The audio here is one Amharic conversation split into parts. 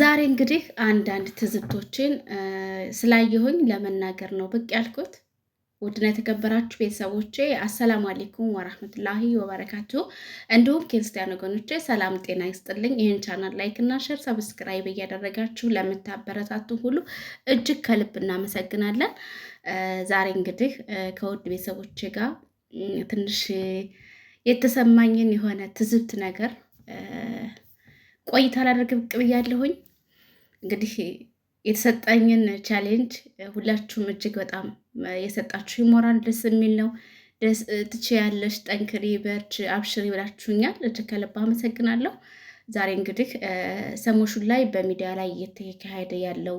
ዛሬ እንግዲህ አንዳንድ ትዝብቶችን ስላየሁኝ ለመናገር ነው ብቅ ያልኩት። ውድና የተከበራችሁ ቤተሰቦቼ አሰላሙ አሌይኩም ወራህመቱላሂ ወበረካቱ። እንዲሁም ክርስቲያን ወገኖቼ ሰላም ጤና ይስጥልኝ። ይህን ቻናል ላይክ እና ሸር፣ ሰብስክራይብ እያደረጋችሁ ለምታበረታቱ ሁሉ እጅግ ከልብ እናመሰግናለን። ዛሬ እንግዲህ ከውድ ቤተሰቦቼ ጋር ትንሽ የተሰማኝን የሆነ ትዝብት ነገር ቆይታ ላደርግ ብቅ ብያለሁኝ። እንግዲህ የተሰጠኝን ቻሌንጅ ሁላችሁም እጅግ በጣም የሰጣችሁ ይሞራል ደስ የሚል ነው። ትችያለሽ፣ ጠንክሪ፣ በርች አብሽሪ ብላችሁኛል። እጅግ ከልብ አመሰግናለሁ። ዛሬ እንግዲህ ሰሞሹ ላይ በሚዲያ ላይ እየተካሄደ ያለው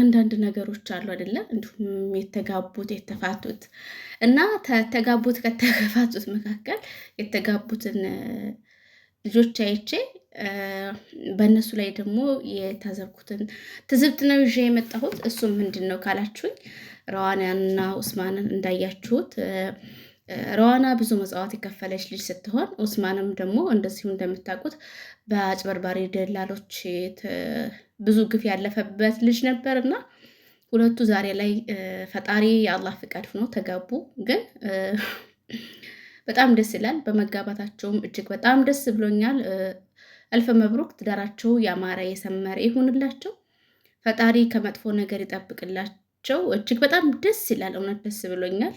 አንዳንድ ነገሮች አሉ አይደለ? እንዲሁም የተጋቡት የተፋቱት እና ተጋቡት ከተፋቱት መካከል የተጋቡትን ልጆች አይቼ በእነሱ ላይ ደግሞ የታዘብኩትን ትዝብት ነው ይዤ የመጣሁት። እሱም ምንድን ነው ካላችሁኝ ረዋናና ኡስማንን እንዳያችሁት ረዋና ብዙ መጽዋዕት የከፈለች ልጅ ስትሆን ኡስማንም ደግሞ እንደዚሁ እንደምታውቁት በአጭበርባሪ ደላሎች ብዙ ግፍ ያለፈበት ልጅ ነበር እና ሁለቱ ዛሬ ላይ ፈጣሪ የአላህ ፍቃድ ሆኖ ተጋቡ ግን በጣም ደስ ይላል። በመጋባታቸውም እጅግ በጣም ደስ ብሎኛል። አልፈ መብሩክ፣ ትዳራቸው ያማረ የሰመረ ይሁንላቸው። ፈጣሪ ከመጥፎ ነገር ይጠብቅላቸው። እጅግ በጣም ደስ ይላል። እውነት ደስ ብሎኛል።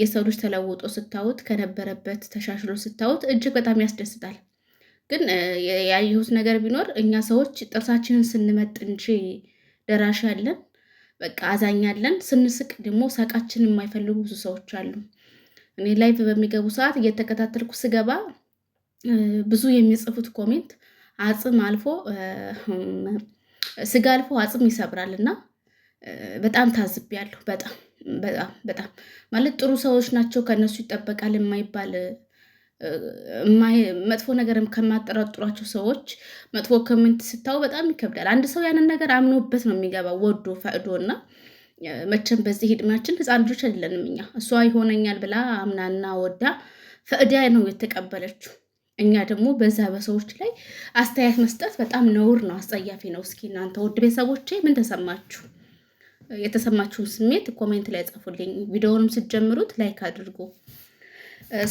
የሰው ልጅ ተለውጦ ስታዩት ከነበረበት ተሻሽሎ ስታዩት እጅግ በጣም ያስደስታል። ግን ያየሁት ነገር ቢኖር እኛ ሰዎች ጥርሳችንን ስንመጥ እንጂ ደራሽ ያለን በቃ አዛኛለን፣ ስንስቅ ደግሞ ሳቃችንን የማይፈልጉ ብዙ ሰዎች አሉ። እኔ ላይቭ በሚገቡ ሰዓት እየተከታተልኩ ስገባ ብዙ የሚጽፉት ኮሜንት አጽም አልፎ ስጋ አልፎ አጽም ይሰብራል እና በጣም ታዝቤያለሁ። በጣም በጣም በጣም ማለት ጥሩ ሰዎች ናቸው። ከእነሱ ይጠበቃል የማይባል መጥፎ ነገርም ከማጠራጥሯቸው ሰዎች መጥፎ ኮሜንት ስታው በጣም ይከብዳል። አንድ ሰው ያንን ነገር አምኖበት ነው የሚገባው ወዶ ፈቅዶ እና መቼም በዚህ ዕድሜያችን ህፃን ልጆች አይደለንም እኛ። እሷ ይሆነኛል ብላ አምናና ወዳ ፈእዳ ነው የተቀበለችው። እኛ ደግሞ በዛ በሰዎች ላይ አስተያየት መስጠት በጣም ነውር ነው፣ አስጸያፊ ነው። እስኪ እናንተ ውድ ቤተሰቦቼ ምን ተሰማችሁ? የተሰማችሁን ስሜት ኮሜንት ላይ ጻፉልኝ። ቪዲዮውንም ስትጀምሩት ላይክ አድርጉ።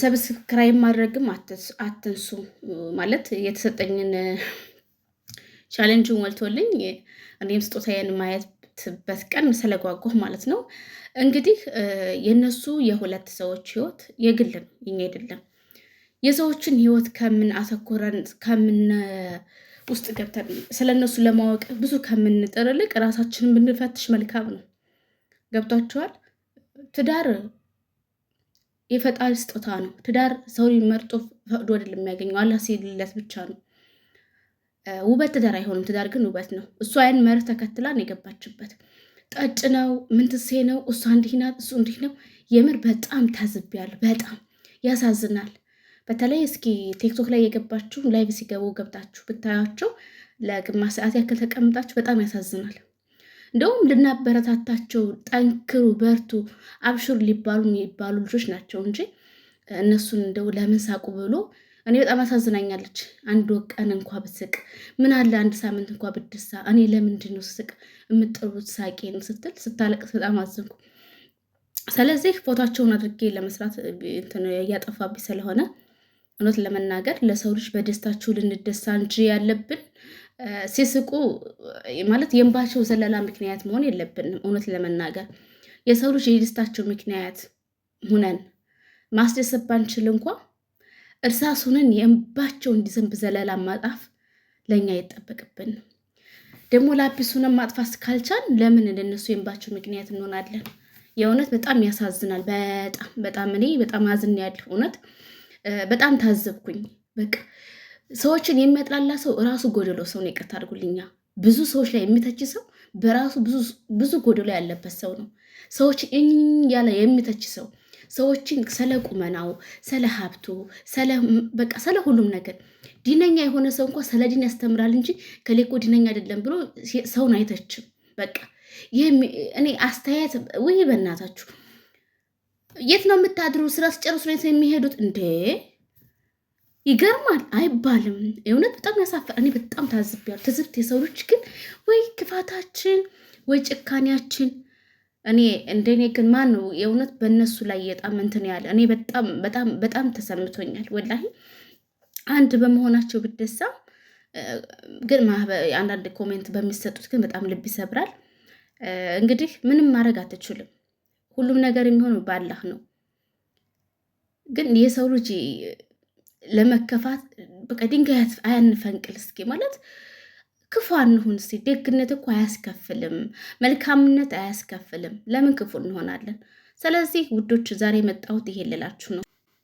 ሰብስክራይብ ማድረግም አትንሱ። ማለት የተሰጠኝን ቻሌንጅን ወልቶልኝ እኔም ስጦታዬን ማየት የምንመለከትበት ቀን ስለጓጓሁ ማለት ነው። እንግዲህ የነሱ የሁለት ሰዎች ህይወት የግል ነው፣ የኛ አይደለም። የሰዎችን ህይወት ከምን አተኮረን ከምን ውስጥ ገብተን ስለ እነሱ ለማወቅ ብዙ ከምንጥር ይልቅ ራሳችንን ብንፈትሽ መልካም ነው። ገብቷችኋል? ትዳር የፈጣሪ ስጦታ ነው። ትዳር ሰው መርጦ ፈቅዶ አይደለም የሚያገኘው፣ አላህ ሲልለት ብቻ ነው። ውበት ትዳር አይሆንም። ትዳር ግን ውበት ነው። እሷ ያን መርህ ተከትላን የገባችበት ጠጭ ነው ምንትሴ ነው። እሷ እንዲህ ናት፣ እሱ እንዲህ ነው። የምር በጣም ታዝቢያለሁ። በጣም ያሳዝናል። በተለይ እስኪ ቲክቶክ ላይ የገባችሁ ላይቭ ሲገቡ ገብታችሁ ብታያቸው ለግማሽ ሰዓት ያክል ተቀምጣችሁ በጣም ያሳዝናል። እንደውም ልናበረታታቸው ጠንክሩ፣ በርቱ፣ አብሹር ሊባሉ የሚባሉ ልጆች ናቸው እንጂ እነሱን እንደው ለምን ሳቁ ብሎ እኔ በጣም አሳዝናኛለች። አንድ ቀን እንኳ ብስቅ ምን አለ፣ አንድ ሳምንት እንኳ ብደሳ፣ እኔ ለምንድን ነው ስስቅ የምጥሩት ሳቄን ስትል ስታለቅስ በጣም አዘንኩ። ስለዚህ ፎቶቸውን አድርጌ ለመስራት እያጠፋብኝ ስለሆነ እውነት ለመናገር ለሰው ልጅ በደስታችሁ ልንደሳ እንጂ ያለብን ሲስቁ ማለት የእንባቸው ዘለላ ምክንያት መሆን የለብንም። እውነት ለመናገር የሰው ልጅ የደስታቸው ምክንያት ሁነን ማስደሰት ባንችል እንኳ እርሳሱንን የእንባቸው እንዲዘንብ ዘለላ ማጣፍ ለእኛ ይጠበቅብን ደግሞ ላፒሱንም ማጥፋት ካልቻን ለምን እንደነሱ የእንባቸው ምክንያት እንሆናለን? የእውነት በጣም ያሳዝናል። በጣም በጣም እኔ በጣም አዝን ያለሁ እውነት በጣም ታዘብኩኝ። በቃ ሰዎችን የሚያጥላላ ሰው እራሱ ጎደሎ ሰው ነው። ይቅርታ አድርጉልኛ። ብዙ ሰዎች ላይ የሚተች ሰው በራሱ ብዙ ጎደሎ ያለበት ሰው ነው። ሰዎች እኝ ያለ የሚተች ሰው ሰዎችን ስለ ቁመናው፣ ስለ ሀብቱ፣ በቃ ስለ ሁሉም ነገር ዲነኛ የሆነ ሰው እንኳ ስለ ዲን ያስተምራል እንጂ ከሌኮ ዲነኛ አይደለም ብሎ ሰውን አይተችም። በቃ እኔ አስተያየት ውይ፣ በእናታችሁ የት ነው የምታድሩ? ስራ ስጨርሱ ነው የሚሄዱት እንዴ? ይገርማል አይባልም። የእውነት በጣም ያሳፈር። እኔ በጣም ታዝቤያለሁ። ትዝብት የሰው ልጅ ግን ወይ ክፋታችን ወይ ጭካኔያችን እኔ እንደኔ ግን ማን ነው የእውነት በእነሱ ላይ የጣም እንትን ያለ እኔ በጣም በጣም በጣም ተሰምቶኛል። ወላሂ አንድ በመሆናቸው ብደሳ ግን አንዳንድ ኮሜንት በሚሰጡት ግን በጣም ልብ ይሰብራል። እንግዲህ ምንም ማድረግ አትችልም። ሁሉም ነገር የሚሆነው በአላህ ነው። ግን የሰው ልጅ ለመከፋት በቃ ድንጋይ አያንፈንቅል እስኪ ማለት ክፉ አንሁን። እስቲ ደግነት እኮ አያስከፍልም፣ መልካምነት አያስከፍልም። ለምን ክፉ እንሆናለን? ስለዚህ ውዶች ዛሬ የመጣሁት ይሄ ልላችሁ ነው።